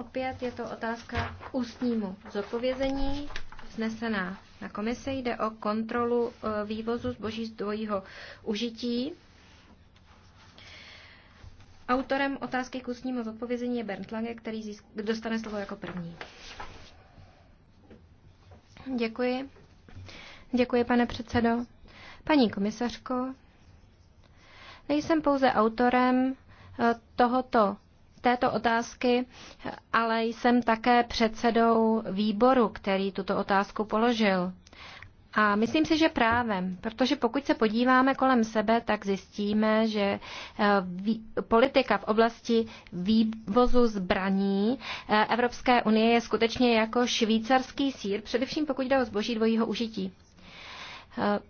Opět je to otázka k ústnímu zodpovězení, vznesená na komise Jde o kontrolu e, vývozu zboží z dvojího užití. Autorem otázky k ústnímu zodpovězení je Bernd Lange, který dostane slovo jako první. Děkuji. Děkuji, pane předsedo. Paní komisařko, nejsem pouze autorem e, tohoto této otázky, ale jsem také předsedou výboru, který tuto otázku položil. A myslím si, že právem, protože pokud se podíváme kolem sebe, tak zjistíme, že eh, politika v oblasti vývozu zbraní eh, Evropské unie je skutečně jako švýcarský sír, především pokud jde o zboží dvojího užití. Eh,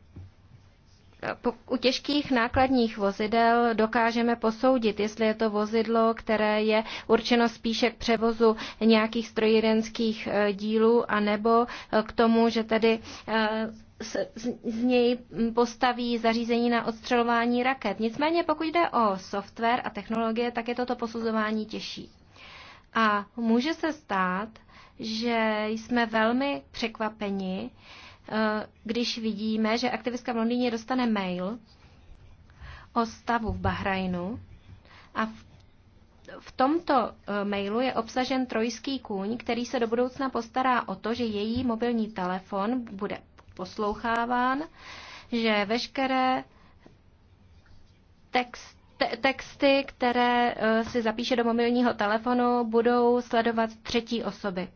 u těžkých nákladních vozidel dokážeme posoudit, jestli je to vozidlo, které je určeno spíše k převozu nějakých strojírenských eh, dílů, anebo eh, k tomu, že tedy eh, z něj mm, postaví zařízení na odstřelování raket. Nicméně pokud jde o software a technologie, tak je toto posuzování těžší. A může se stát, že jsme velmi překvapeni, když vidíme, že aktivistka v Londýně dostane mail o stavu v Bahrajnu a v v tomto eh, mailu je obsažen trojský kůň, který se do budoucna postará o to, že její mobilní telefon bude posloucháván, že veškeré text, te, texty, které eh, si zapíše do mobilního telefonu, budou sledovat třetí osoby.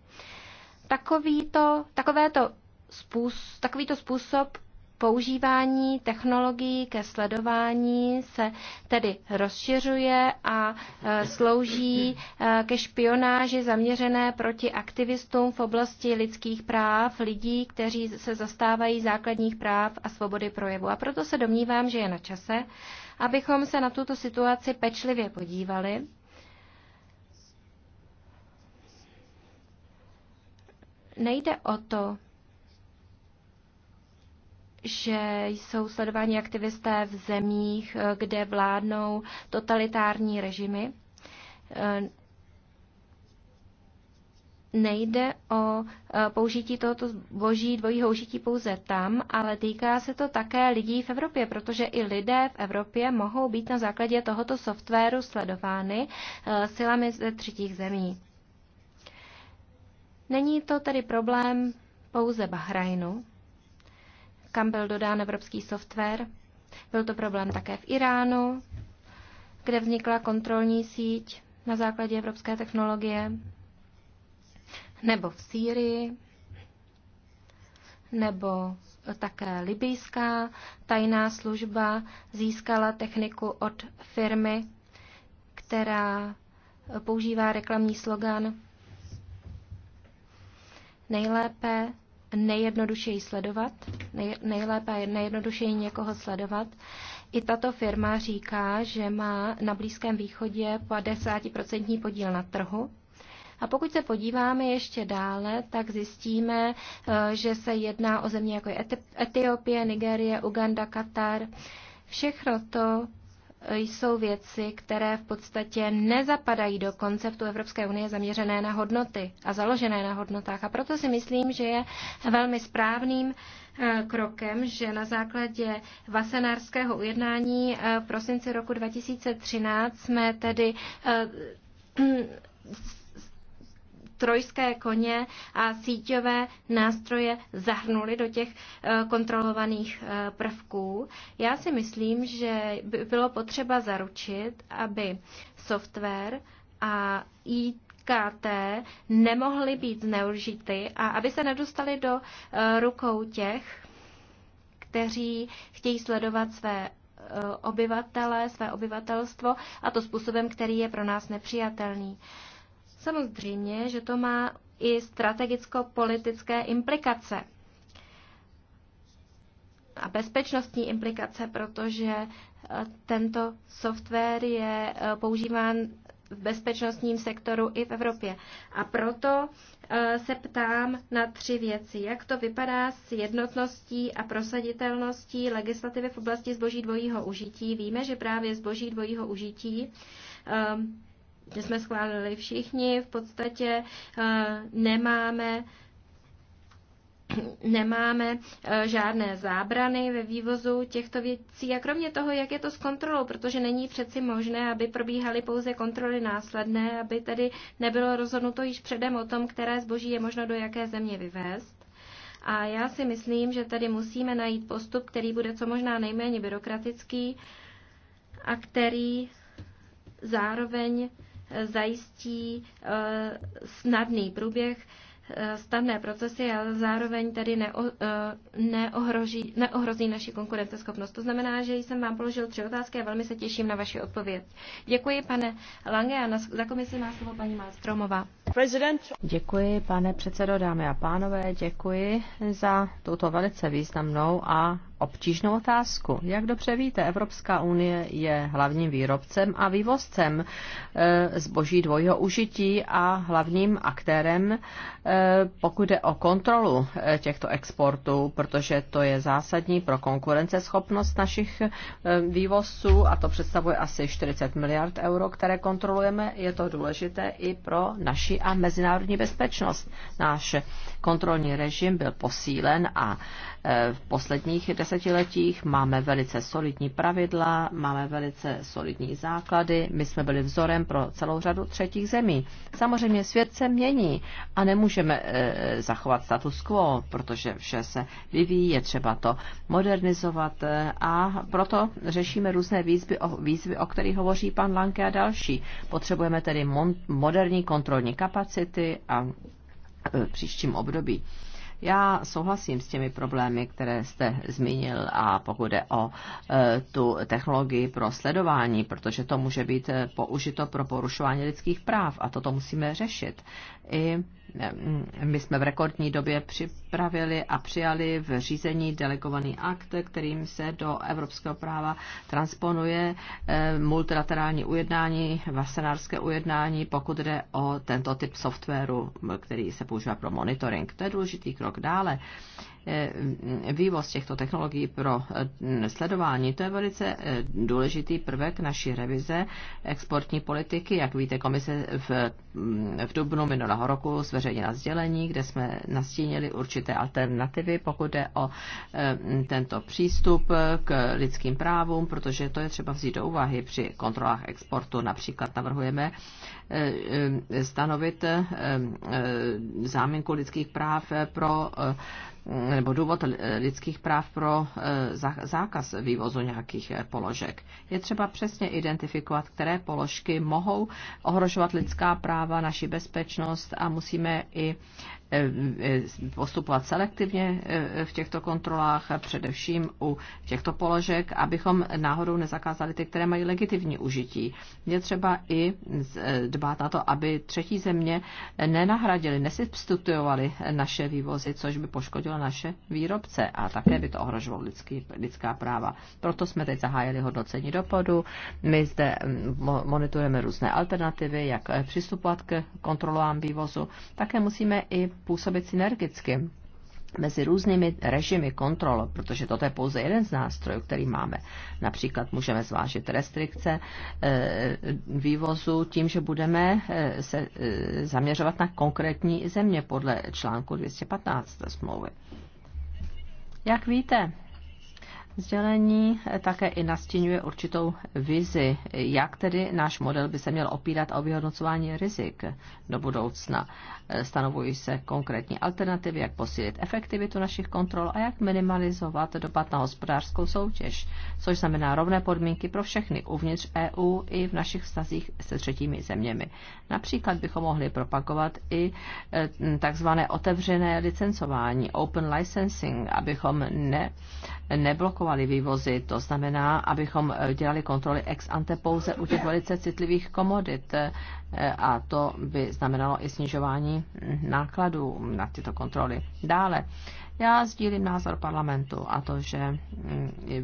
Takovýto, takovéto způsob, takovýto způsob používání technologií ke sledování se tedy rozšiřuje a e, slouží e, ke špionáži zaměřené proti aktivistům v oblasti lidských práv, lidí, kteří se zastávají základních práv a svobody projevu. A proto se domnívám, že je na čase, abychom se na tuto situaci pečlivě podívali. Nejde o to, že jsou sledováni aktivisté v zemích, eh, kde vládnou totalitární režimy. Eh, nejde o eh, použití tohoto zboží dvojího užití pouze tam, ale týká se to také lidí v Evropě, protože i lidé v Evropě mohou být na základě tohoto softwaru sledovány silami ze třetích zemí. Není to tedy problém pouze Bahrajnu, kam byl dodán evropský software. Byl to problém také v Iránu, kde vznikla kontrolní síť na základě evropské technologie, nebo v Sýrii, nebo také libijská tajná služba získala techniku od firmy, která používá reklamní slogan Nejlépe nejjednodušeji sledovat, nej, nejlépe nejjednodušeji někoho sledovat. I tato firma říká, že má na Blízkém východě 50% podíl na trhu. A pokud se podíváme ještě dále, tak zjistíme, eh, že se jedná o země jako je Etiopie, Nigérie, Uganda, Katar. Všechno to jsou věci, které v podstatě nezapadají do konceptu Evropské unie zaměřené na hodnoty a založené na hodnotách. A proto si myslím, že je velmi správným eh, krokem, že na základě vasenářského ujednání eh, v prosinci roku 2013 jsme tedy eh, trojské koně a síťové nástroje zahrnuli do těch eh, kontrolovaných eh, prvků. Já si myslím, že by bylo potřeba zaručit, aby software a i KT nemohly být zneužity a aby se nedostali do eh, rukou těch, kteří chtějí sledovat své obyvatele, své obyvatelstvo a to způsobem, který je pro nás nepřijatelný. Samozřejmě, že to má i strategicko-politické implikace a bezpečnostní implikace, protože eh, tento software je eh, používán v bezpečnostním sektoru i v Evropě. A proto eh, se ptám na tři věci. Jak to vypadá s jednotností a prosaditelností legislativy v oblasti zboží dvojího užití? Víme, že právě zboží dvojího užití ehm, že jsme schválili všichni, v podstatě eh, nemáme nemáme eh, žádné zábrany ve vývozu těchto věcí a kromě toho, jak je to s kontrolou, protože není přeci možné, aby probíhaly pouze kontroly následné, aby tedy nebylo rozhodnuto již předem o tom, které zboží je možno do jaké země vyvést. A já si myslím, že tady musíme najít postup, který bude co možná nejméně byrokratický a který zároveň zajistí eh, snadný průběh eh, stavné procesy, ale zároveň tedy neo, eh, neohroží, neohrozí naši konkurenceschopnost. To znamená, že jsem vám položil tři otázky a velmi se těším na vaši odpověď. Děkuji, pane Lange, a na, za komisi má slovo paní Malstromová. Děkuji, pane předsedo, dámy a pánové, děkuji za tuto velice významnou a obtížnou otázku. Jak dobře víte, Evropská unie je hlavním výrobcem a vývozcem eh, zboží dvojího užití a hlavním aktérem, eh, pokud jde o kontrolu eh, těchto exportů, protože to je zásadní pro konkurenceschopnost našich vývozců a to představuje asi 40 miliard euro, které kontrolujeme. Je to důležité i pro naši zahraničí a mezinárodní bezpečnost. Náš kontrolní režim byl posílen a v posledních desetiletích. Máme velice solidní pravidla, máme velice solidní základy. My jsme byli vzorem pro celou řadu třetích zemí. Samozřejmě svět se mění a nemůžeme eh, zachovat status quo, protože vše se vyvíjí, je třeba to modernizovat eh, a proto řešíme různé výzvy, o, výzvy, o kterých hovoří pan Lanke a další. Potřebujeme tedy moderní kontrolní kapacity a eh, v příštím období. Já souhlasím s těmi problémy, které jste zmínil a pokud jde o e, tu technologii pro sledování, protože to může být e, použito pro porušování lidských práv a toto musíme řešit i my jsme v rekordní době připravili a přijali v řízení delegovaný akt, kterým se do evropského práva transponuje multilaterální ujednání, vasenářské ujednání, pokud jde o tento typ softwaru, který se používá pro monitoring. To je důležitý krok dále vývoz těchto technologií pro sledování. To je velice důležitý prvek naší revize exportní politiky. Jak víte, komise v, v dubnu minulého minulého roku zveřejněna sdělení, kde jsme nastínili určité alternativy, pokud jde o tento přístup k lidským právům, protože to je třeba vzít do úvahy při kontrolách exportu. Například navrhujeme stanovit eh, eh, záminku lidských práv eh, pro nebo důvod lidských práv pro zákaz vývozu nějakých položek. Je třeba přesně identifikovat, které položky mohou ohrožovat lidská práva, naši bezpečnost a musíme i Eh, postupovat selektivně eh, v těchto kontrolách, především u těchto položek, abychom náhodou nezakázali ty, které mají legitimní užití. Je třeba i eh, dbát na to, aby třetí země nenahradili, nesubstituovali naše vývozy, což by poškodilo naše výrobce a také by to ohrožovalo lidský, lidská práva. Proto jsme teď zahájili hodnocení dopadu. My zde hm, monitorujeme různé alternativy, jak přistupovat k kontrolám vývozu. Také musíme i působit synergicky mezi různými režimy kontrol, protože toto je pouze jeden z nástrojů, který máme. Například můžeme zvážit restrikce eh, vývozu tím, že budeme eh, se eh, zaměřovat na konkrétní země podle článku 215 smlouvy. Jak víte, Sdělení eh, také i nastínuje určitou vizi, jak tedy náš model by se měl opírat o vyhodnocování rizik do budoucna. Eh, stanovují se konkrétní alternativy, jak posílit efektivitu našich kontrol a jak minimalizovat dopad na hospodářskou soutěž, což znamená rovné podmínky pro všechny uvnitř EU i v našich vztazích se třetími zeměmi. Například bychom mohli propagovat i eh, takzvané otevřené licencování, open licensing, abychom ne, neblokovali zachovali vývozy. To znamená, abychom eh, dělali kontroly ex ante pouze u těch velice citlivých komodit eh, a to by znamenalo i snižování nákladů na tyto kontroly. Dále, já sdílím názor parlamentu a to, že mm,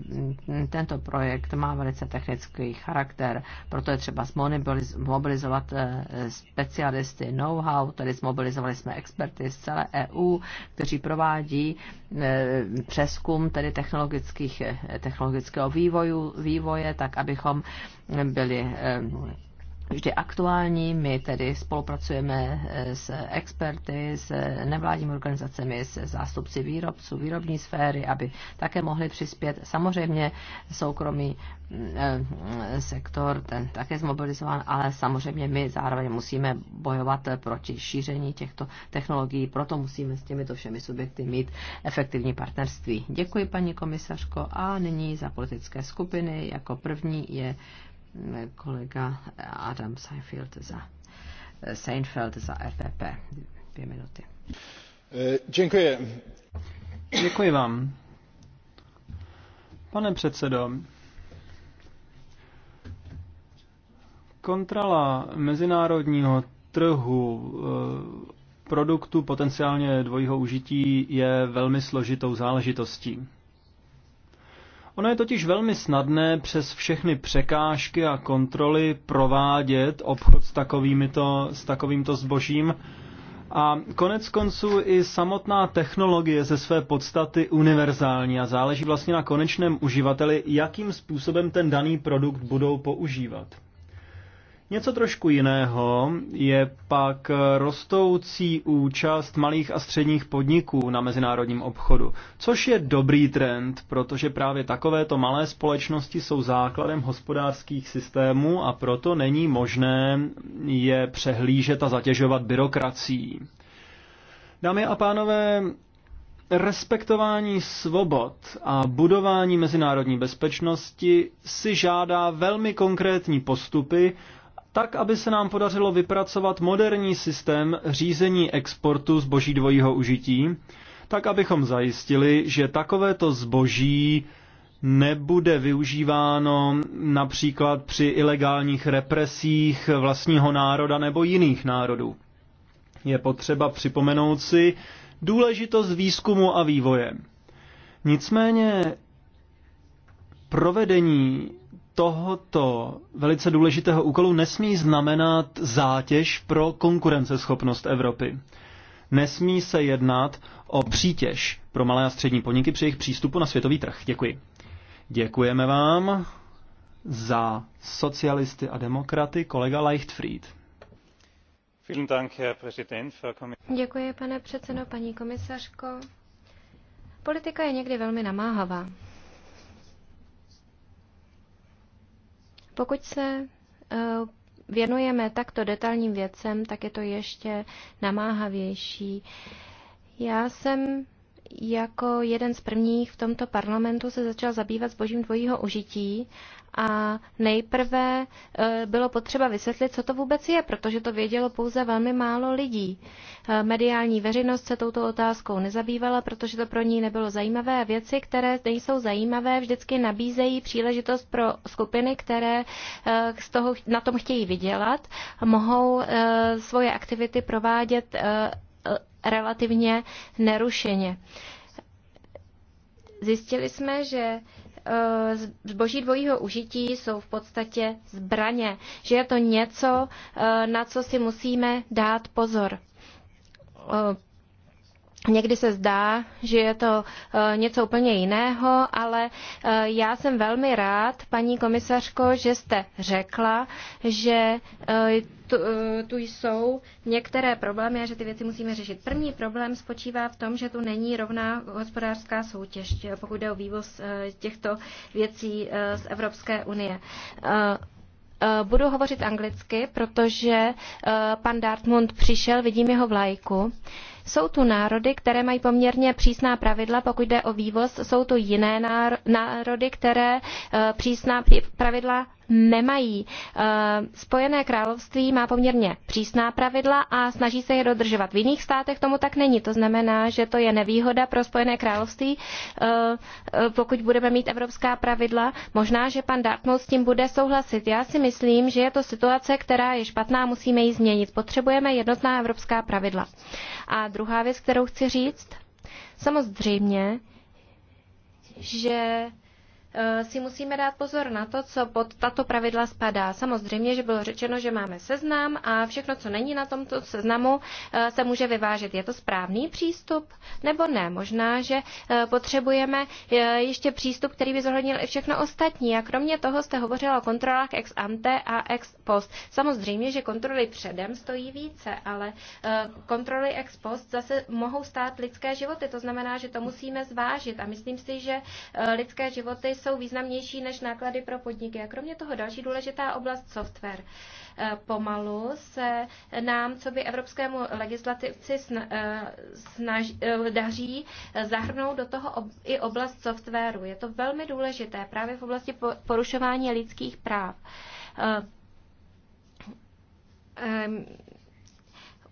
mm, tento projekt má velice technický charakter, proto je třeba mobilizovat e, specialisty know-how, tedy zmobilizovali jsme experty z celé EU, kteří provádí e, přeskum tedy technologických, e, technologického vývoju, vývoje, tak abychom byli vždy aktuální. My tedy spolupracujeme eh, s experty, s nevládními organizacemi, s zástupci výrobců, výrobní sféry, aby také mohli přispět. Samozřejmě soukromý eh, sektor, ten také zmobilizován, ale samozřejmě my zároveň musíme bojovat proti šíření těchto technologií, proto musíme s těmito všemi subjekty mít efektivní partnerství. Děkuji, paní komisařko, a nyní za politické skupiny. Jako první je kolega Adam Seinfeld za, Seinfeld za FPP. Dvě minuty. Eh, děkuji. Děkuji vám. Pane předsedo, kontrola mezinárodního trhu eh, produktu potenciálně dvojího užití je velmi složitou záležitostí. Ono je totiž velmi snadné přes všechny překážky a kontroly provádět obchod s, takovýmito, s takovýmto zbožím. A konec konců i samotná technologie ze své podstaty univerzální a záleží vlastně na konečném uživateli, jakým způsobem ten daný produkt budou používat. Něco trošku jiného je pak rostoucí účast malých a středních podniků na mezinárodním obchodu, což je dobrý trend, protože právě takovéto malé společnosti jsou základem hospodářských systémů a proto není možné je přehlížet a zatěžovat byrokracií. Dámy a pánové, respektování svobod a budování mezinárodní bezpečnosti si žádá velmi konkrétní postupy tak, aby se nám podařilo vypracovat moderní systém řízení exportu zboží dvojího užití, tak abychom zajistili, že takovéto zboží nebude využíváno například při ilegálních represích vlastního národa nebo jiných národů. Je potřeba připomenout si důležitost výzkumu a vývoje. Nicméně provedení tohoto velice důležitého úkolu nesmí znamenat zátěž pro konkurenceschopnost Evropy. Nesmí se jednat o přítěž pro malé a střední podniky při jejich přístupu na světový trh. Děkuji. Děkujeme vám za socialisty a demokraty kolega Leichtfried. Děkuji, pane předsedo, paní komisařko. Politika je někdy velmi namáhavá. Pokud se eh, věnujeme takto detailním věcem, tak je to ještě namáhavější. Já jsem jako jeden z prvních v tomto parlamentu se začal zabývat božím dvojího užití a nejprve e, bylo potřeba vysvětlit, co to vůbec je, protože to vědělo pouze velmi málo lidí. E, mediální veřejnost se touto otázkou nezabývala, protože to pro ní nebylo zajímavé a věci, které nejsou zajímavé, vždycky nabízejí příležitost pro skupiny, které e, z toho, na tom chtějí vydělat, mohou svoje aktivity provádět relativně nerušeně. Zjistili jsme, že e, zboží dvojího užití jsou v podstatě zbraně, že je to něco, e, na co si musíme dát pozor e, Někdy se zdá, že je to eh, něco úplně jiného, ale eh, já jsem velmi rád, paní komisařko, že jste řekla, že eh, tu, tu jsou některé problémy a že ty věci musíme řešit. První problém spočívá v tom, že tu není rovná hospodářská soutěž, pokud jde o vývoz těchto věcí z Evropské unie. Budu hovořit anglicky, protože pan Dartmund přišel, vidím jeho vlajku. Jsou tu národy, které mají poměrně přísná pravidla, pokud jde o vývoz, jsou tu jiné národy, které eh, přísná pravidla nemají. Eh, Spojené království má poměrně přísná pravidla a snaží se je dodržovat. V jiných státech tomu tak není. To znamená, že to je nevýhoda pro Spojené království, eh, pokud budeme mít evropská pravidla. Možná, že pan Dartmouth s tím bude souhlasit. Já si myslím, že je to situace, která je špatná, musíme ji změnit. Potřebujeme jednotná evropská pravidla. A druhá věc, kterou chci říct, samozřejmě, že Eh, si musíme dát pozor na to, co pod tato pravidla spadá. Samozřejmě, že bylo řečeno, že máme seznam a všechno, co není na tomto seznamu, eh, se může vyvážet. Je to správný přístup nebo ne? Možná, že eh, potřebujeme ještě přístup, který by zohlednil i všechno ostatní. A kromě toho jste hovořila o kontrolách ex ante a ex post. Samozřejmě, že kontroly předem stojí více, ale kontroly ex post zase mohou stát lidské životy. To znamená, že to musíme zvážit. A myslím si, že lidské životy jsou významnější než náklady pro podniky. A kromě toho další důležitá oblast software. E, pomalu se nám, co by evropskému legislativci e, snaží, e, daří zahrnout do toho i oblast softwaru. Je to velmi důležité právě v oblasti porušování lidských práv.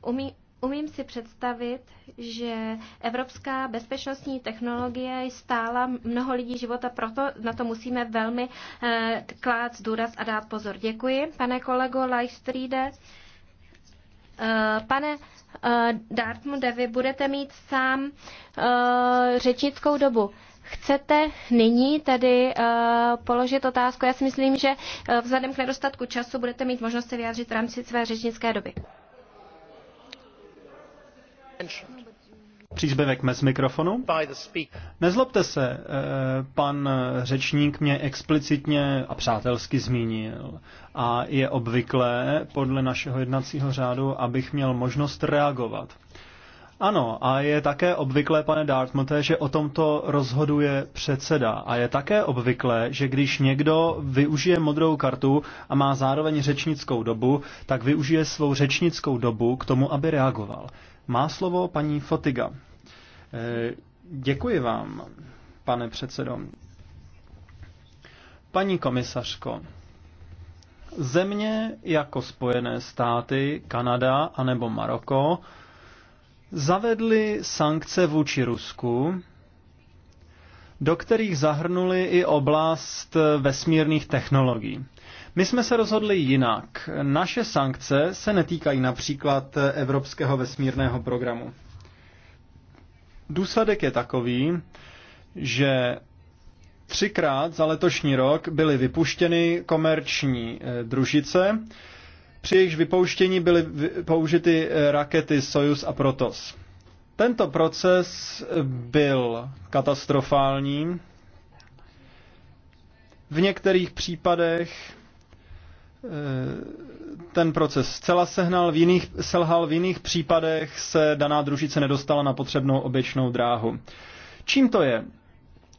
Umí, Umím si představit, že evropská bezpečnostní technologie stála mnoho lidí života, proto na to musíme velmi eh, klát důraz a dát pozor. Děkuji, pane kolego Leichtriede. Eh, pane eh, vy budete mít sám eh, řečnickou dobu. Chcete nyní tedy uh, položit otázku? Já si myslím, že uh, vzhledem k nedostatku času budete mít možnost se vyjádřit v rámci své řečnické doby. Příspěvek bez mikrofonu. Nezlobte se, eh, pan řečník mě explicitně a přátelsky zmínil a je obvyklé podle našeho jednacího řádu, abych měl možnost reagovat. Ano, a je také obvyklé, pane Dartmouth, že o tomto rozhoduje předseda. A je také obvyklé, že když někdo využije modrou kartu a má zároveň řečnickou dobu, tak využije svou řečnickou dobu k tomu, aby reagoval. Má slovo paní Fotiga. Eh, děkuji vám, pane předsedo. Paní komisařko, země jako Spojené státy, Kanada anebo Maroko zavedly sankce vůči Rusku, do kterých zahrnuli i oblast vesmírných technologií. My jsme se rozhodli jinak. Naše sankce se netýkají například Evropského vesmírného programu. Důsledek je takový, že třikrát za letošní rok byly vypuštěny komerční eh, družice, při jejichž vypouštění byly použity eh, rakety Soyuz a Protos. Tento proces eh, byl katastrofální. V některých případech Eh, ten proces zcela sehnal, v jiných, selhal, v jiných případech se daná družice nedostala na potřebnou oběčnou dráhu. Čím to je?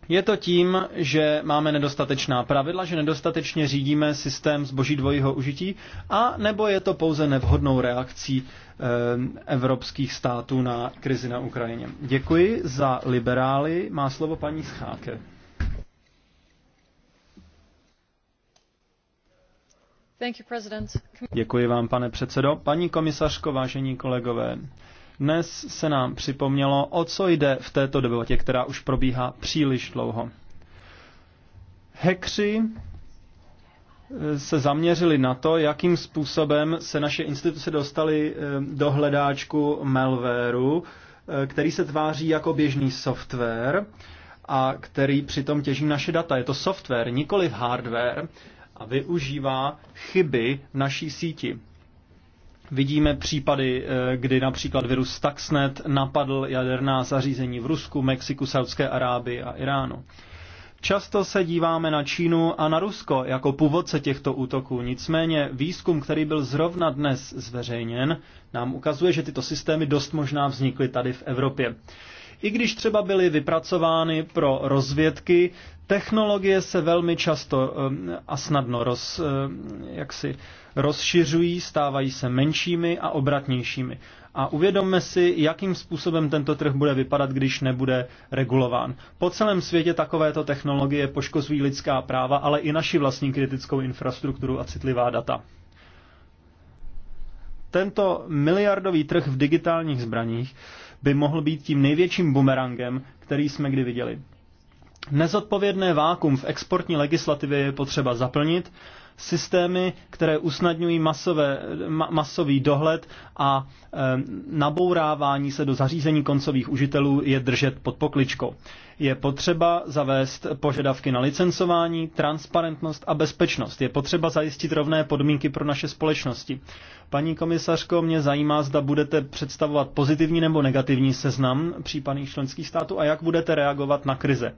Je to tím, že máme nedostatečná pravidla, že nedostatečně řídíme systém zboží dvojího užití, a nebo je to pouze nevhodnou reakcí eh, evropských států na krizi na Ukrajině. Děkuji za liberály. Má slovo paní Scháke. Děkuji vám, pane předsedo. Paní komisařko, vážení kolegové, dnes se nám připomnělo, o co jde v této debatě, která už probíhá příliš dlouho. Hekři eh, se zaměřili na to, jakým způsobem se naše instituce dostaly eh, do hledáčku malwareu, eh, který se tváří jako běžný software a který přitom těží naše data. Je to software, nikoli hardware, a využívá chyby v naší síti. Vidíme případy, eh, kdy například virus Stuxnet napadl jaderná zařízení v Rusku, Mexiku, Saudské Arábii a Iránu. Často se díváme na Čínu a na Rusko jako původce těchto útoků, nicméně výzkum, který byl zrovna dnes zveřejněn, nám ukazuje, že tyto systémy dost možná vznikly tady v Evropě. I když třeba byly vypracovány pro rozvědky, Technologie se velmi často eh, a snadno roz, eh, jaksi rozšiřují, stávají se menšími a obratnějšími. A uvědomme si, jakým způsobem tento trh bude vypadat, když nebude regulován. Po celém světě takovéto technologie poškozují lidská práva, ale i naši vlastní kritickou infrastrukturu a citlivá data. Tento miliardový trh v digitálních zbraních by mohl být tím největším bumerangem, který jsme kdy viděli. Nezodpovědné vákum v exportní legislativě je potřeba zaplnit systémy, které usnadňují masové, ma, masový dohled a e, nabourávání se do zařízení koncových užitelů je držet pod pokličkou. Je potřeba zavést požadavky na licencování, transparentnost a bezpečnost. Je potřeba zajistit rovné podmínky pro naše společnosti. Paní komisařko, mě zajímá, zda budete představovat pozitivní nebo negativní seznam případných členských států a jak budete reagovat na krize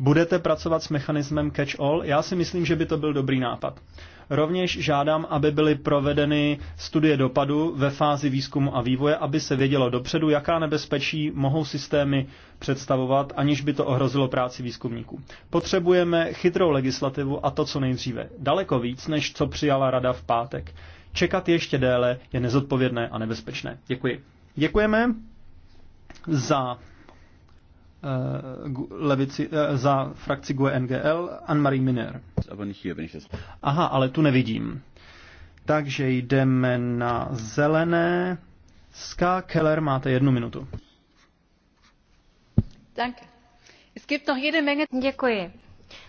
budete pracovat s mechanismem catch-all? Já si myslím, že by to byl dobrý nápad. Rovněž žádám, aby byly provedeny studie dopadu ve fázi výzkumu a vývoje, aby se vědělo dopředu, jaká nebezpečí mohou systémy představovat, aniž by to ohrozilo práci výzkumníků. Potřebujeme chytrou legislativu a to co nejdříve. Daleko víc, než co přijala rada v pátek. Čekat ještě déle je nezodpovědné a nebezpečné. Děkuji. Děkujeme za Eh, levici, eh, za frakci GUE NGL Anne-Marie Miner. Aha, ale tu nevidím. Takže jdeme na zelené. Ska Keller, máte jednu minutu. Děkuji.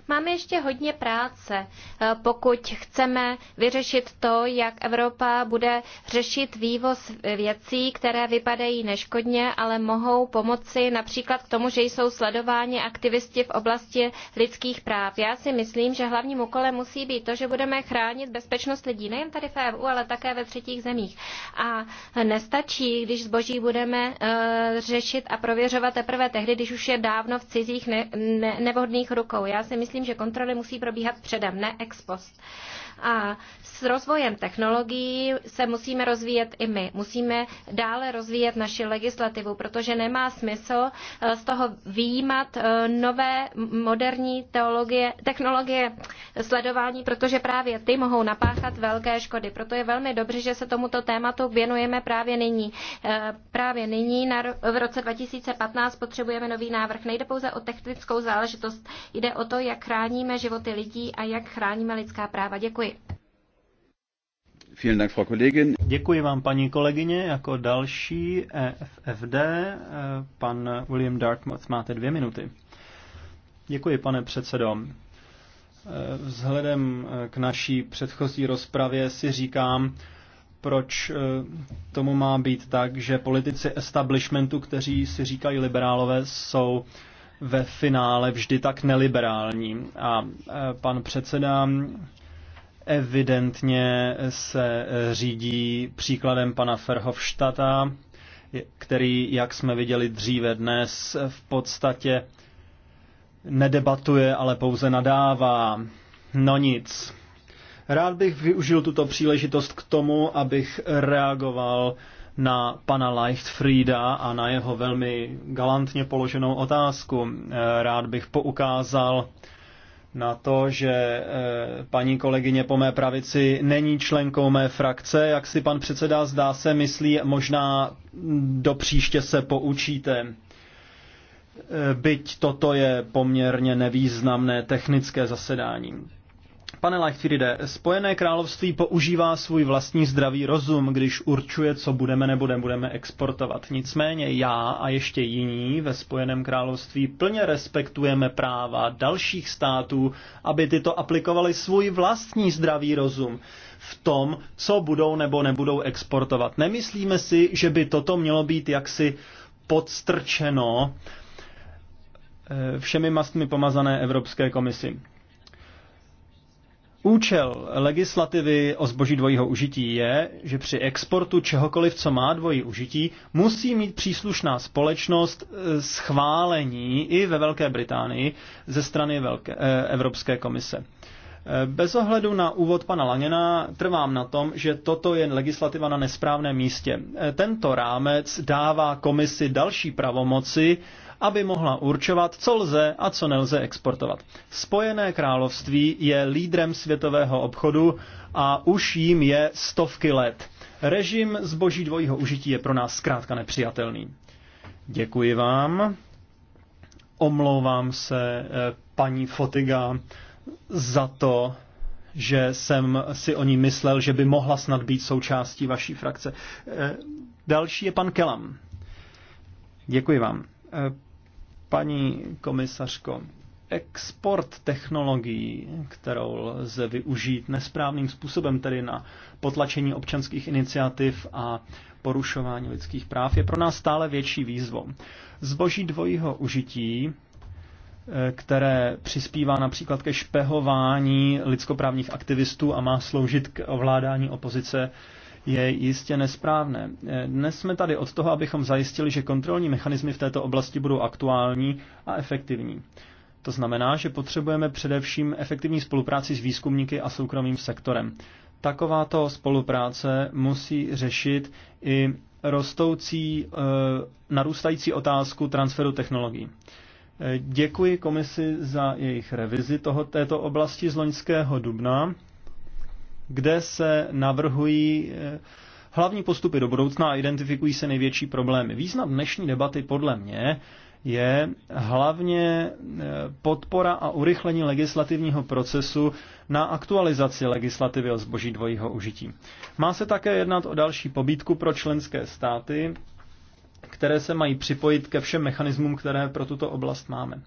Máme ještě hodně práce, eh, pokud chceme vyřešit to, jak Evropa bude řešit vývoz věcí, které vypadají neškodně, ale mohou pomoci například k tomu, že jsou sledováni aktivisti v oblasti lidských práv. Já si myslím, že hlavním úkolem musí být to, že budeme chránit bezpečnost lidí nejen tady v EU, ale také ve třetích zemích. A nestačí, když zboží budeme eh, řešit a prověřovat teprve tehdy, když už je dávno v cizích ne, ne, nevhodných rukou. Já si myslím, myslím, že kontroly musí probíhat předem, ne ex post. A s rozvojem technologií se musíme rozvíjet i my. Musíme dále rozvíjet naši legislativu, protože nemá smysl eh, z toho výjímat eh, nové moderní teologie, technologie sledování, protože právě ty mohou napáchat velké škody. Proto je velmi dobře, že se tomuto tématu věnujeme právě nyní. Eh, právě nyní, v roce 2015, potřebujeme nový návrh. Nejde pouze o technickou záležitost, jde o to, jak chráníme životy lidí a jak chráníme lidská práva. Děkuji. Děkuji. vám, paní kolegyně. Jako další EFFD, eh, pan William Dartmouth, máte dvě minuty. Děkuji, pane předsedo. Eh, vzhledem eh, k naší předchozí rozpravě si říkám, proč tomu má být tak, že politici establishmentu, kteří si říkají liberálové, jsou ve finále vždy tak neliberální. A pan předseda evidentně se eh, řídí příkladem pana Ferhofštata, který, jak jsme viděli dříve dnes, v podstatě nedebatuje, ale pouze nadává. No nic. Rád bych využil tuto příležitost k tomu, abych reagoval na pana Leichtfrieda a na jeho velmi galantně položenou otázku. Eh, rád bych poukázal na to, že e, paní kolegyně po mé pravici není členkou mé frakce, jak si pan předseda zdá se myslí, možná do příště se poučíte. E, byť toto je poměrně nevýznamné technické zasedání. Pane Leichtfriede, Spojené království používá svůj vlastní zdravý rozum, když určuje, co budeme nebo nebudeme exportovat. Nicméně já a ještě jiní ve Spojeném království plně respektujeme práva dalších států, aby tyto aplikovali svůj vlastní zdravý rozum v tom, co budou nebo nebudou exportovat. Nemyslíme si, že by toto mělo být jaksi podstrčeno eh, všemi mastmi pomazané Evropské komisi. Účel legislativy o zboží dvojího užití je, že při exportu čehokoliv, co má dvojí užití, musí mít příslušná společnost eh, schválení i ve Velké Británii ze strany Velké, eh, Evropské komise. Eh, bez ohledu na úvod pana Langena trvám na tom, že toto je legislativa na nesprávném místě. Tento rámec dává komisi další pravomoci aby mohla určovat, co lze a co nelze exportovat. Spojené království je lídrem světového obchodu a už jim je stovky let. Režim zboží dvojího užití je pro nás zkrátka nepřijatelný. Děkuji vám. Omlouvám se eh, paní Fotiga za to, že jsem si o ní myslel, že by mohla snad být součástí vaší frakce. Eh, další je pan Kelam. Děkuji vám. Eh, Paní komisařko, export technologií, kterou lze využít nesprávným způsobem, tedy na potlačení občanských iniciativ a porušování lidských práv, je pro nás stále větší výzvou. Zboží dvojího užití, eh, které přispívá například ke špehování lidskoprávních aktivistů a má sloužit k ovládání opozice, je jistě nesprávné. Eh, dnes jsme tady od toho, abychom zajistili, že kontrolní mechanismy v této oblasti budou aktuální a efektivní. To znamená, že potřebujeme především efektivní spolupráci s výzkumníky a soukromým sektorem. Takováto spolupráce musí řešit i rostoucí, eh, narůstající otázku transferu technologií. Eh, děkuji komisi za jejich revizi toho, této oblasti z loňského dubna kde se navrhují eh, hlavní postupy do budoucna a identifikují se největší problémy. Význam dnešní debaty podle mě je hlavně eh, podpora a urychlení legislativního procesu na aktualizaci legislativy o zboží dvojího užití. Má se také jednat o další pobídku pro členské státy, které se mají připojit ke všem mechanismům, které pro tuto oblast máme.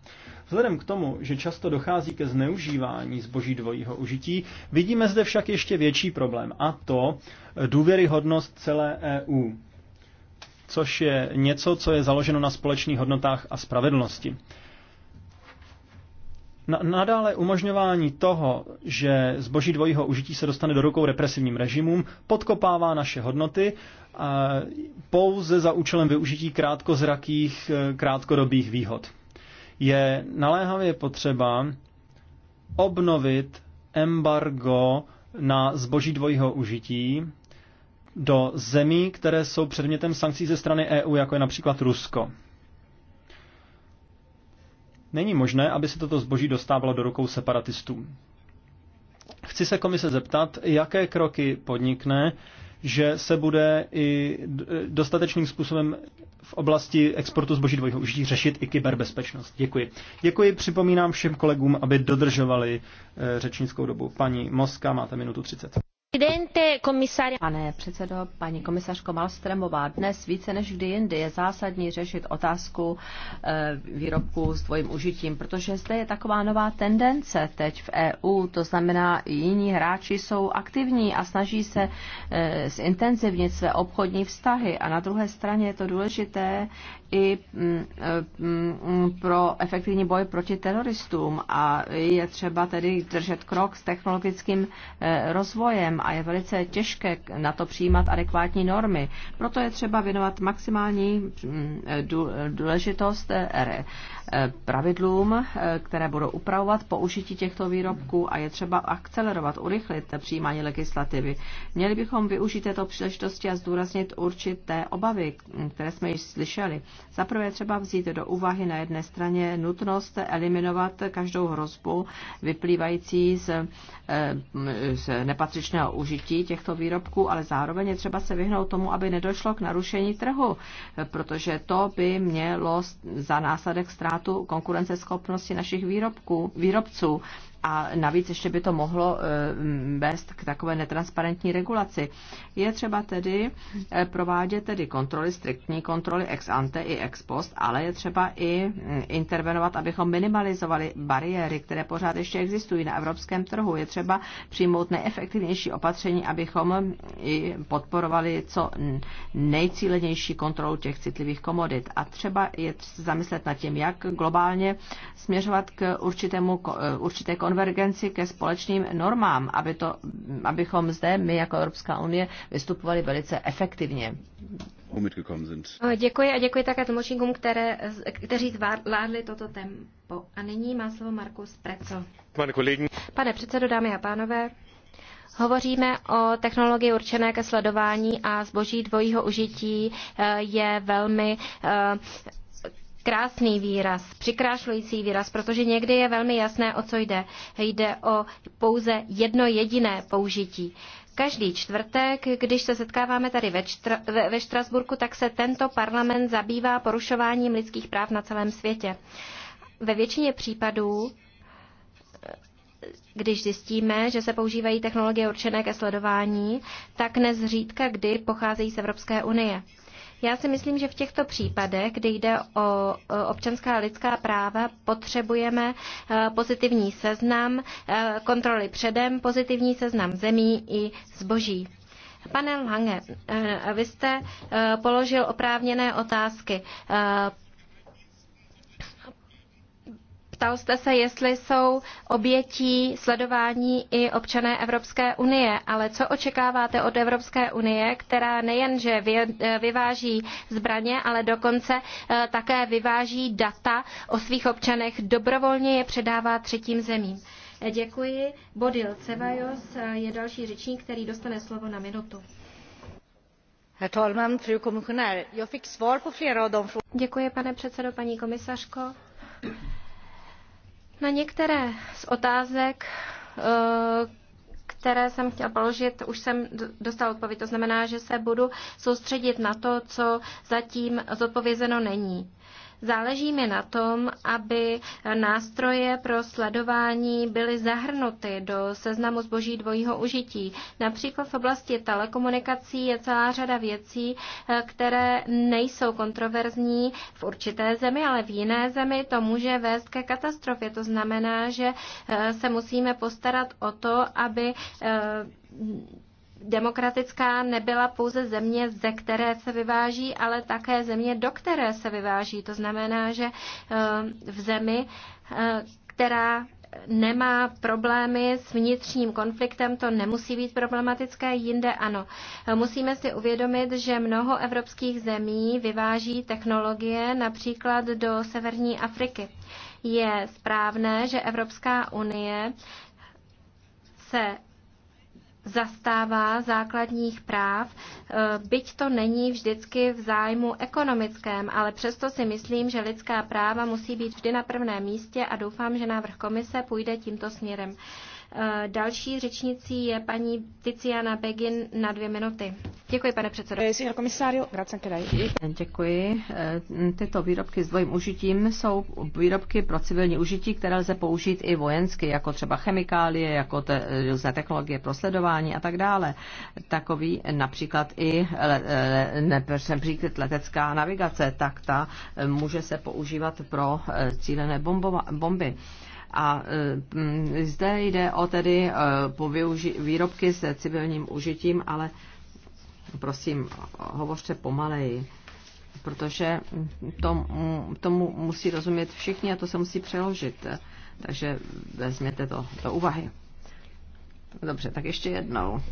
Vzhledem k tomu, že často dochází ke zneužívání zboží dvojího užití, vidíme zde však ještě větší problém, a to důvěryhodnost celé EU, což je něco, co je založeno na společných hodnotách a spravedlnosti. Nadále umožňování toho, že zboží dvojího užití se dostane do rukou represivním režimům, podkopává naše hodnoty a pouze za účelem využití krátkozrakých, e, krátkodobých výhod. Je naléhavě potřeba obnovit embargo na zboží dvojího užití do zemí, které jsou předmětem sankcí ze strany EU, jako je například Rusko. Není možné, aby se toto zboží dostávalo do rukou separatistů. Chci se komise zeptat, jaké kroky podnikne, že se bude i dostatečným způsobem v oblasti exportu zboží dvojího užití řešit i kyberbezpečnost. Děkuji. Děkuji, připomínám všem kolegům, aby dodržovali eh, řečnickou dobu. Paní Moska, máte minutu 30. Pane předsedo, paní komisařko Malstremová, dnes více než kdy jindy je zásadní řešit otázku eh, výrobků s dvojím užitím, protože zde je taková nová tendence teď v EU, to znamená, jiní hráči jsou aktivní a snaží se eh, zintenzivnit své obchodní vztahy a na druhé straně je to důležité i mm, e, mm, pro efektivní boj proti teroristům a je třeba tedy držet krok s technologickým e, rozvojem a je velice těžké na to přijímat adekvátní normy. Proto je třeba věnovat maximální mm, e, důležitost pravidlům, které budou upravovat použití těchto výrobků a je třeba akcelerovat, urychlit přijímání legislativy. Měli bychom využít této příležitosti a zdůraznit určité obavy, které jsme již slyšeli. Zaprvé třeba vzít do úvahy na jedné straně nutnost eliminovat každou hrozbu vyplývající z, eh, z nepatřičného užití těchto výrobků, ale zároveň je třeba se vyhnout tomu, aby nedošlo k narušení trhu, protože to by mělo za následek ztrátu konkurenceschopnosti našich výrobků, výrobců a navíc ještě by to mohlo eh, vést k takové netransparentní regulaci. Je třeba tedy eh, provádět tedy kontroly, striktní kontroly ex ante i ex post, ale je třeba i mm, intervenovat, abychom minimalizovali bariéry, které pořád ještě existují na evropském trhu. Je třeba přijmout nejefektivnější opatření, abychom mm, i podporovali co nejcílenější kontrolu těch citlivých komodit. A třeba je zamyslet nad tím, jak globálně směřovat k určitému, eh, určité konvergenci konvergenci ke společným normám, aby to, abychom zde my jako Evropská unie vystupovali velice efektivně. Děkuji a děkuji také tlumočníkům, které, kteří zvládli toto tempo. A nyní má slovo Markus Preco. Pane předsedo, dámy a pánové, Hovoříme o technologii určené ke sledování a zboží dvojího užití eh, je velmi eh, krásný výraz, přikrášlující výraz, protože někdy je velmi jasné, o co jde. Jde o pouze jedno jediné použití. Každý čtvrtek, když se setkáváme tady ve, Čtr- ve, ve Štrasburku, tak se tento parlament zabývá porušováním lidských práv na celém světě. Ve většině případů když zjistíme, že se používají technologie určené ke sledování, tak nezřídka kdy pocházejí z Evropské unie. Já si myslím, že v těchto případech, kdy jde o e, občanská lidská práva, potřebujeme e, pozitivní seznam, e, kontroly předem, pozitivní seznam zemí i zboží. Pane Lange, vy jste položil oprávněné otázky. Ptal jste se, jestli jsou obětí sledování i občané Evropské unie, ale co očekáváte od Evropské unie, která nejenže eh, vyváží zbraně, ale dokonce eh, také vyváží data o svých občanech, dobrovolně je předává třetím zemím. Eh, děkuji. Bodil Cevajos je další řečník, který dostane slovo na minutu. Herr talman, fru kommissionär, jag fick svar på flera av Děkuji, pane předsedo, paní komisařko. Na některé z otázek, eh, které jsem chtěl položit, už jsem dostal odpověď. To znamená, že se budu soustředit na to, co zatím zodpovězeno není. Záleží mi na tom, aby nástroje pro sledování byly zahrnuty do seznamu zboží dvojího užití. Například v oblasti telekomunikací je celá řada věcí, eh, které nejsou kontroverzní v určité zemi, ale v jiné zemi to může vést ke katastrofě. To znamená, že eh, se musíme postarat o to, aby eh, demokratická nebyla pouze země, ze které se vyváží, ale také země, do které se vyváží. To znamená, že eh, v zemi, eh, která nemá problémy s vnitřním konfliktem, to nemusí být problematické, jinde ano. Musíme si uvědomit, že mnoho evropských zemí vyváží technologie například do severní Afriky. Je správné, že Evropská unie se zastává základních práv, eh, byť to není vždycky v zájmu ekonomickém, ale přesto si myslím, že lidská práva musí být vždy na prvném místě a doufám, že návrh komise půjde tímto směrem. Eh, další řečnicí je paní Tiziana Begin na dvě minuty. Děkuji, pane předsedo. Eh, eh, děkuji. Tyto výrobky s dvojím užitím jsou výrobky pro civilní užití, které lze použít i vojensky, jako třeba chemikálie, jako te, různé technologie pro sledování a tak dále. Takový například i například letecká navigace, tak ta může se používat pro cílené bombova, bomby a e, zde jde o tedy e, po výrobky s civilním užitím, ale prosím, hovořte pomaleji, protože tomu, tomu musí rozumět všichni a to se musí přeložit. Takže vezměte to do úvahy. Dobře, tak ještě jednou.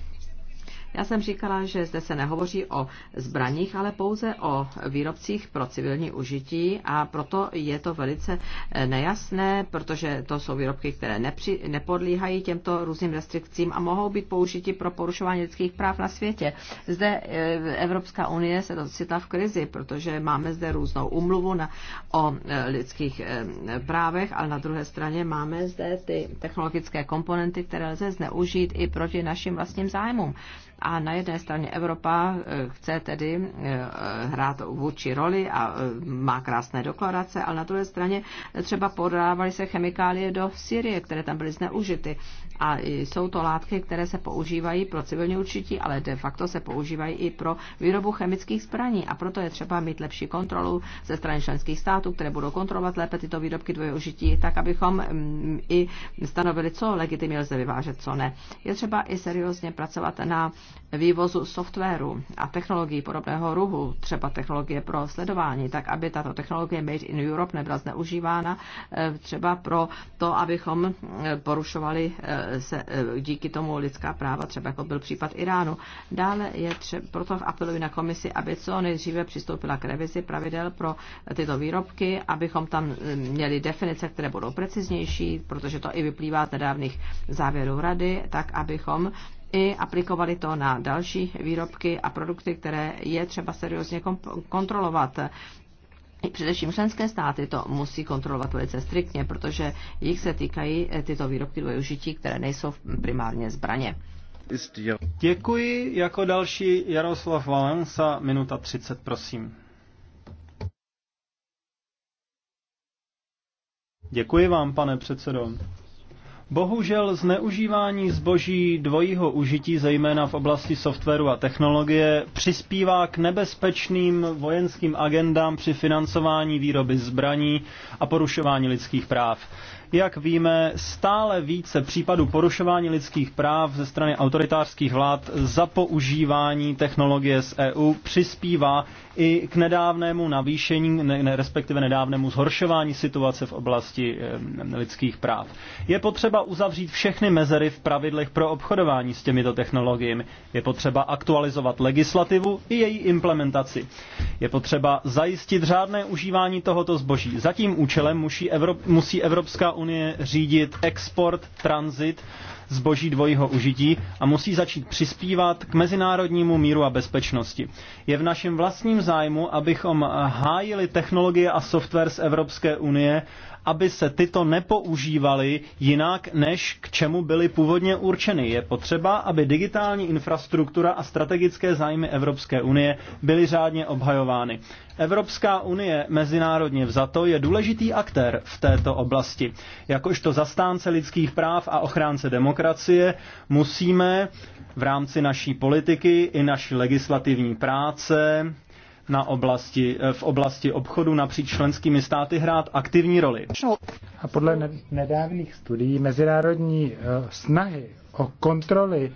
Já jsem říkala, že zde se nehovoří o zbraních, ale pouze o výrobcích pro civilní užití a proto je to velice eh, nejasné, protože to jsou výrobky, které nepři, nepodlíhají těmto různým restrikcím a mohou být použiti pro porušování lidských práv na světě. Zde eh, Evropská unie se docitla v krizi, protože máme zde různou umluvu na, o eh, lidských právech, ale na druhé straně máme zde ty technologické komponenty, které lze zneužít i proti našim vlastním zájmům. A na jedné straně Evropa eh, chce tedy eh, hrát vůči roli a eh, má krásné deklarace, ale na druhé straně třeba podávaly se chemikálie do Syrie, které tam byly zneužity. A jsou to látky, které se používají pro civilní určití, ale de facto se používají i pro výrobu chemických zbraní. A proto je třeba mít lepší kontrolu ze strany členských států, které budou kontrolovat lépe tyto výrobky dvojího užití, tak abychom mm, i stanovili, co legitimně lze vyvážet, co ne. Je třeba i seriózně pracovat na vývozu softwaru a technologií podobného ruhu, třeba technologie pro sledování, tak aby tato technologie Made in Europe nebyla zneužívána eh, třeba pro to, abychom eh, porušovali eh, se, díky tomu lidská práva, třeba jako byl případ Iránu. Dále je třeba, proto apeluji na komisi, aby co nejdříve přistoupila k revizi pravidel pro tyto výrobky, abychom tam měli definice, které budou preciznější, protože to i vyplývá z nedávných závěrů rady, tak abychom i aplikovali to na další výrobky a produkty, které je třeba seriózně kontrolovat. I především členské státy to musí kontrolovat velice striktně, protože jich se týkají eh, tyto výrobky využití, které nejsou primárně zbraně. Děkuji. Jako další Jaroslav Valensa, minuta 30, prosím. Děkuji vám, pane předsedo. Bohužel zneužívání zboží dvojího užití, zejména v oblasti softwaru a technologie, přispívá k nebezpečným vojenským agendám při financování výroby zbraní a porušování lidských práv. Jak víme, stále více případů porušování lidských práv ze strany autoritářských vlád za používání technologie z EU přispívá i k nedávnému navýšení, ne, respektive nedávnému zhoršování situace v oblasti e, lidských práv. Je potřeba uzavřít všechny mezery v pravidlech pro obchodování s těmito technologiemi. Je potřeba aktualizovat legislativu i její implementaci. Je potřeba zajistit řádné užívání tohoto zboží. Za tím účelem musí, Evrop, musí Evropská unie řídit export, tranzit zboží dvojího užití a musí začít přispívat k mezinárodnímu míru a bezpečnosti. Je v našem vlastním zájmu, abychom hájili technologie a software z Evropské unie, aby se tyto nepoužívaly jinak, než k čemu byly původně určeny. Je potřeba, aby digitální infrastruktura a strategické zájmy Evropské unie byly řádně obhajovány. Evropská unie mezinárodně vzato je důležitý aktér v této oblasti, jakožto zastánce lidských práv a ochránce demokracie demokracie, musíme v rámci naší politiky i naší legislativní práce na oblasti, v oblasti obchodu napříč členskými státy hrát aktivní roli. A podle nedávných studií mezinárodní eh, snahy o kontroly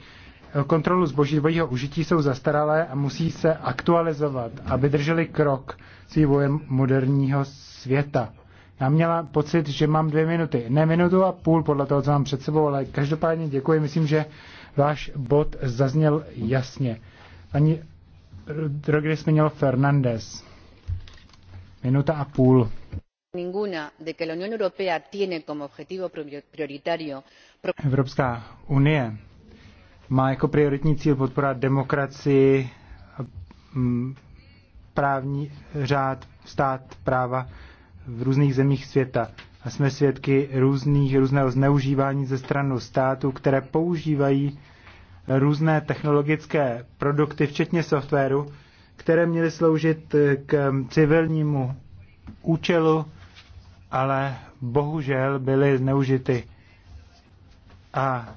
eh, kontrolu zboží dvojího užití jsou zastaralé a musí se aktualizovat, aby drželi krok s vývojem moderního světa. Já měla pocit, že mám dvě minuty. Ne minutu a půl podle toho, co mám před sebou, ale každopádně děkuji. Myslím, že váš bod zazněl jasně. Ani Rodriguez měl Fernández. Minuta a půl. Ninguna de que la Unión Europea tiene como objetivo prioritario. Evropská unie má jako prioritní cíl podpora demokracii, právní řád, stát práva v různých zemích světa. A jsme svědky různých, různého zneužívání ze strany států, které používají různé technologické produkty, včetně softwaru, které měly sloužit eh, k eh, civilnímu účelu, ale bohužel byly zneužity. A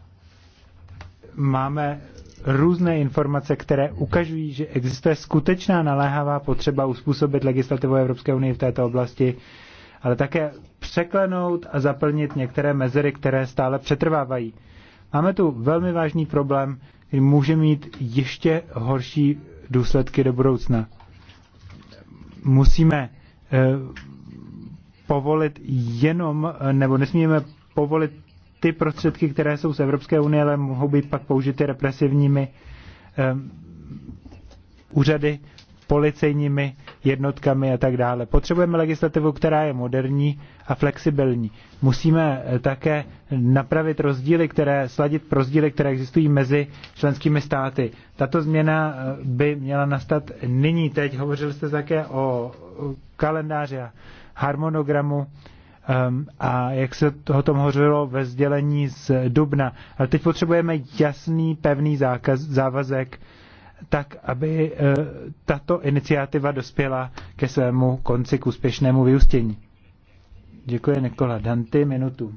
máme různé informace, které ukazují, že existuje skutečná naléhavá potřeba uspůsobit legislativu Evropské unie v této oblasti, ale také překlenout a zaplnit některé mezery, které stále přetrvávají. Máme tu velmi vážný problém, který může mít ještě horší důsledky do budoucna. Musíme eh, povolit jenom, nebo nesmíme povolit ty prostředky, které jsou z Evropské unie, ale mohou být pak použity represivními um, úřady, policejními jednotkami a tak dále. Potřebujeme legislativu, která je moderní a flexibilní. Musíme eh, také napravit rozdíly, které, sladit rozdíly, které existují mezi členskými státy. Tato změna eh, by měla nastat nyní, teď. Hovořili jste také o kalendáři a harmonogramu Ehm, a jak se toho tom hořilo ve sdělení z Dubna. Ale teď potřebujeme jasný, pevný zákaz, závazek, tak, aby eh, tato iniciativa dospěla ke svému konci, k úspěšnému vyústění. Děkuji Nikola Danty, minutu.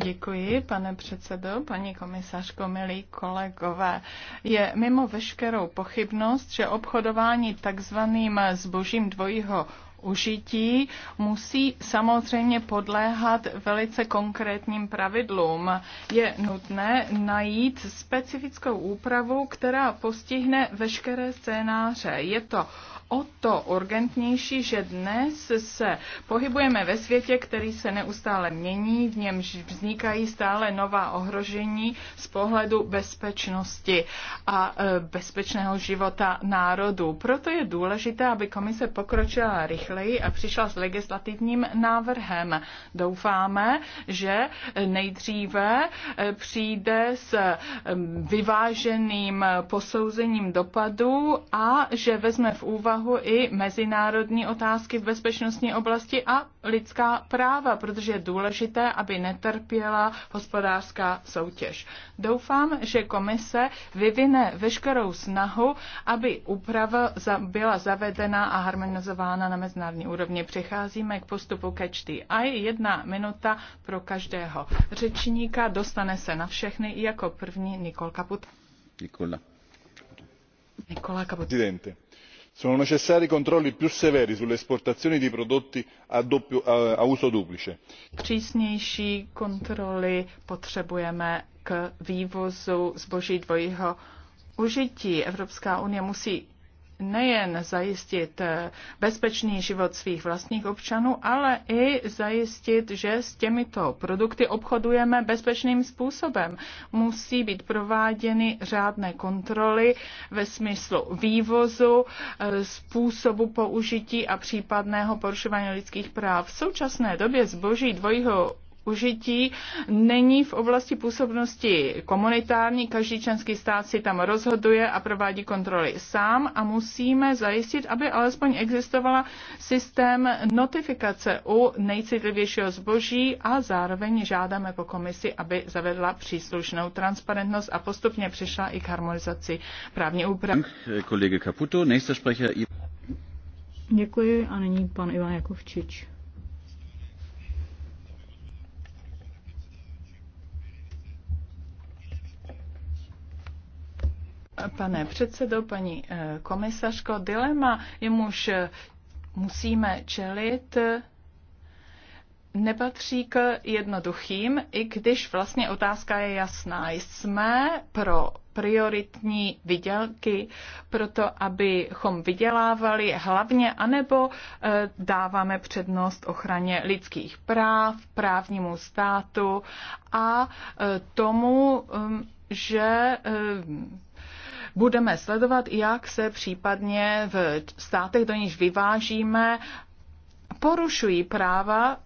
Děkuji, pane předsedo, paní komisařko, milí kolegové. Je mimo veškerou pochybnost, že obchodování takzvaným zbožím dvojího užití musí samozřejmě podléhat velice konkrétním pravidlům. Je nutné najít specifickou úpravu, která postihne veškeré scénáře. Je to o to urgentnější, že dnes se pohybujeme ve světě, který se neustále mění, v němž vznikají stále nová ohrožení z pohledu bezpečnosti a e, bezpečného života národů. Proto je důležité, aby komise pokročila rychleji a přišla s legislativním návrhem. Doufáme, že nejdříve e, přijde s e, vyváženým posouzením dopadu a že vezme v úvahu úvahu i mezinárodní otázky v bezpečnostní oblasti a lidská práva, protože je důležité, aby netrpěla hospodářská soutěž. Doufám, že komise vyvine veškerou snahu, aby úprava byla zavedena a harmonizována na mezinárodní úrovni. Přecházíme k postupu Catch the Eye. Jedna minuta pro každého řečníka dostane se na všechny jako první Nikol Kaput. Nikola. Nikola Kaput. Presidente sono necessari controlli più severi sulle esportazioni di prodotti a uso duplice. přísnější kontroly potřebujeme k vývozu zboží dvojího užití. evropská unie musí nejen zajistit eh, bezpečný život svých vlastních občanů, ale i zajistit, že s těmito produkty obchodujeme bezpečným způsobem. Musí být prováděny řádné kontroly ve smyslu vývozu, eh, způsobu použití a případného porušování lidských práv. V současné době zboží dvojího užití není v oblasti působnosti komunitární, každý členský stát si tam rozhoduje a provádí kontroly sám a musíme zajistit, aby alespoň existovala systém notifikace u nejcitlivějšího zboží a zároveň žádáme po komisi, aby zavedla příslušnou transparentnost a postupně přišla i k harmonizaci právní úpravy. Děkuji a nyní pan Ivan Jakovčič. Pane předsedo, paní eh, komisařko, dilema, jemuž eh, musíme čelit, nepatří k jednoduchým, i když vlastně otázka je jasná. Jsme pro prioritní vydělky, proto abychom vydělávali hlavně, anebo eh, dáváme přednost ochraně lidských práv, právnímu státu a tomu, že Budeme sledovat, jak se případně v státech, do níž vyvážíme, porušují práva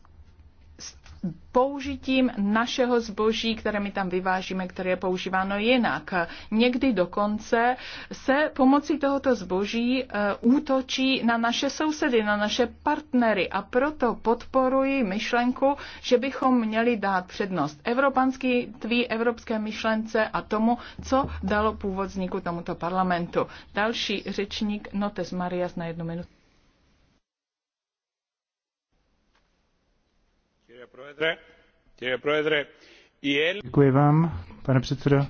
použitím našeho zboží, které my tam vyvážíme, které je používáno jinak. Někdy dokonce se pomocí tohoto zboží eh, útočí na naše sousedy, na naše partnery a proto podporuji myšlenku, že bychom měli dát přednost evropanský tví evropské myšlence a tomu, co dalo původ vzniku tomuto parlamentu. Další řečník Notes Marias na jednu minutu. Děkuji vám, pane předsedo.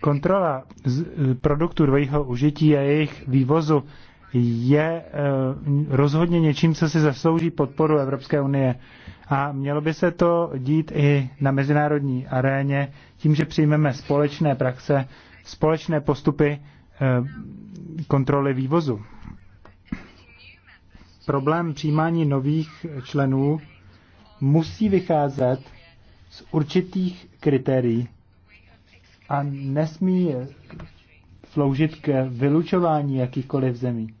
Kontrola eh, produktů dvojího užití a jejich vývozu je eh, rozhodně něčím, co si zaslouží podporu Evropské unie. A mělo by se to dít i na mezinárodní aréně tím, že přijmeme společné praxe, společné postupy eh, kontroly vývozu problém přijímání nových členů musí vycházet z určitých kritérií a nesmí sloužit k vylučování jakýchkoliv zemí.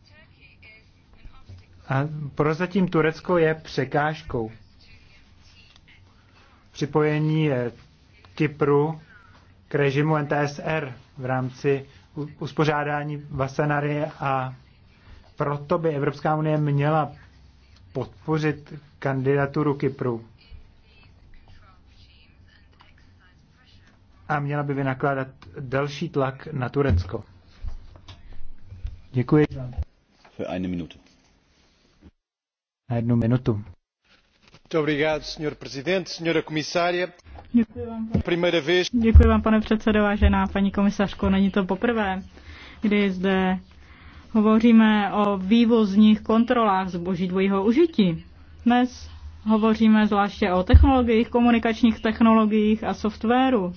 A prozatím Turecko je překážkou. Připojení eh, Kypru k režimu NTSR v rámci uspořádání Vasanary a proto by Evropská unie měla podpořit kandidaturu Kypru a měla by vynakládat další tlak na Turecko. Děkuji. Für eine Minute. Na jednu minutu. Děkuji vám, pane, Děkuji vám, pane předsedo, vážená paní komisařko. Není to poprvé, kdy zde Hovoříme o vývozních kontrolách zboží dvojího užití. Dnes hovoříme zvláště o technologiích, komunikačních technologiích a softwaru.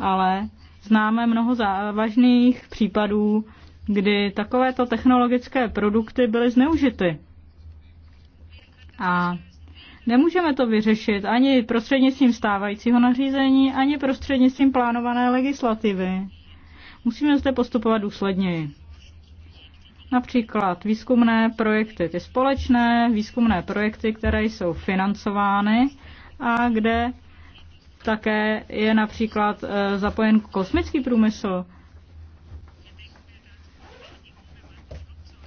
Ale známe mnoho závažných případů, kdy takovéto technologické produkty byly zneužity. A nemůžeme to vyřešit ani prostřednictvím stávajícího nařízení, ani prostřednictvím plánované legislativy. Musíme zde postupovat důsledněji. Například výzkumné projekty, ty společné výzkumné projekty, které jsou financovány a kde také je například eh, zapojen kosmický průmysl.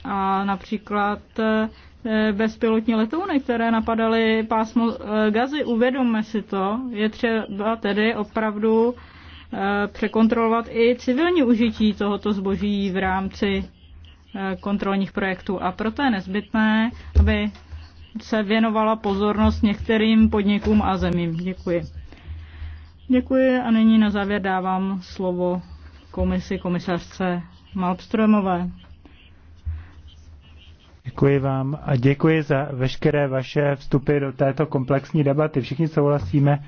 A například eh, bezpilotní letouny, které napadaly pásmo eh, gazy. Uvědomme si to. Je třeba tedy opravdu překontrolovat i civilní užití tohoto zboží v rámci kontrolních projektů. A proto je nezbytné, aby se věnovala pozornost některým podnikům a zemím. Děkuji. Děkuji a nyní na závěr dávám slovo komisi komisařce Malbströmové. Děkuji vám a děkuji za veškeré vaše vstupy do této komplexní debaty. Všichni souhlasíme,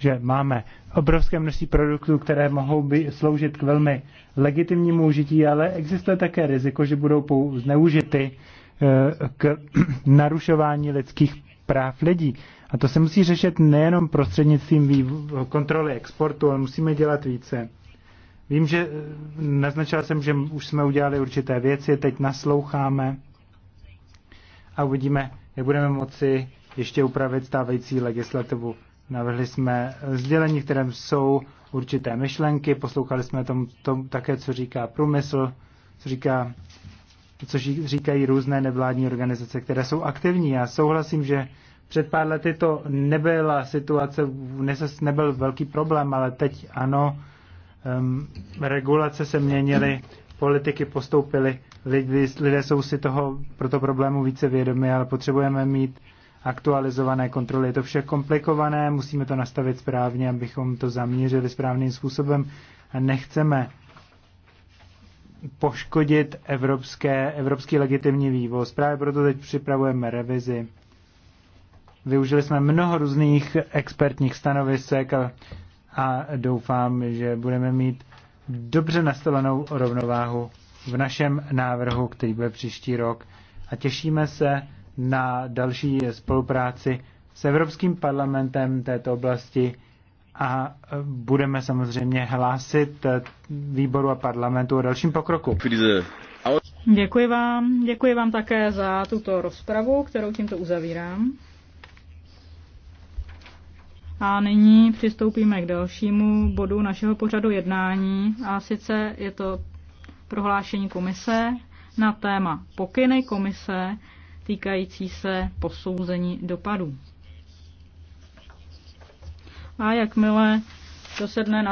že máme obrovské množství produktů, které mohou by sloužit k velmi legitimnímu užití, ale existuje také riziko, že budou zneužity eh, k narušování lidských práv lidí. A to se musí řešit nejenom prostřednictvím kontroly exportu, ale musíme dělat více. Vím, že eh, naznačil jsem, že už jsme udělali určité věci, teď nasloucháme a uvidíme, jak budeme moci ještě upravit stávající legislativu. Navrhli jsme sdělení, kterém jsou určité myšlenky, poslouchali jsme tom, tom také, co říká průmysl, co říká co říkají různé nevládní organizace, které jsou aktivní. Já souhlasím, že před pár lety to nebyla situace, nebyl velký problém, ale teď ano, um, regulace se měnily, politiky postoupily, lidé, lidé jsou si toho pro to problému více vědomi, ale potřebujeme mít aktualizované kontroly. Je to vše komplikované, musíme to nastavit správně, abychom to zaměřili správným způsobem a nechceme poškodit evropské, evropský legitimní vývoz. Právě proto teď připravujeme revizi. Využili jsme mnoho různých expertních stanovisek a, a doufám, že budeme mít dobře nastavenou rovnováhu v našem návrhu, který bude příští rok. A těšíme se na další spolupráci s Evropským parlamentem této oblasti a budeme samozřejmě hlásit výboru a parlamentu o dalším pokroku. Děkuji vám, děkuji vám také za tuto rozpravu, kterou tímto uzavírám. A nyní přistoupíme k dalšímu bodu našeho pořadu jednání a sice je to prohlášení komise na téma pokyny komise týkající se posouzení dopadů. A jakmile dosedne na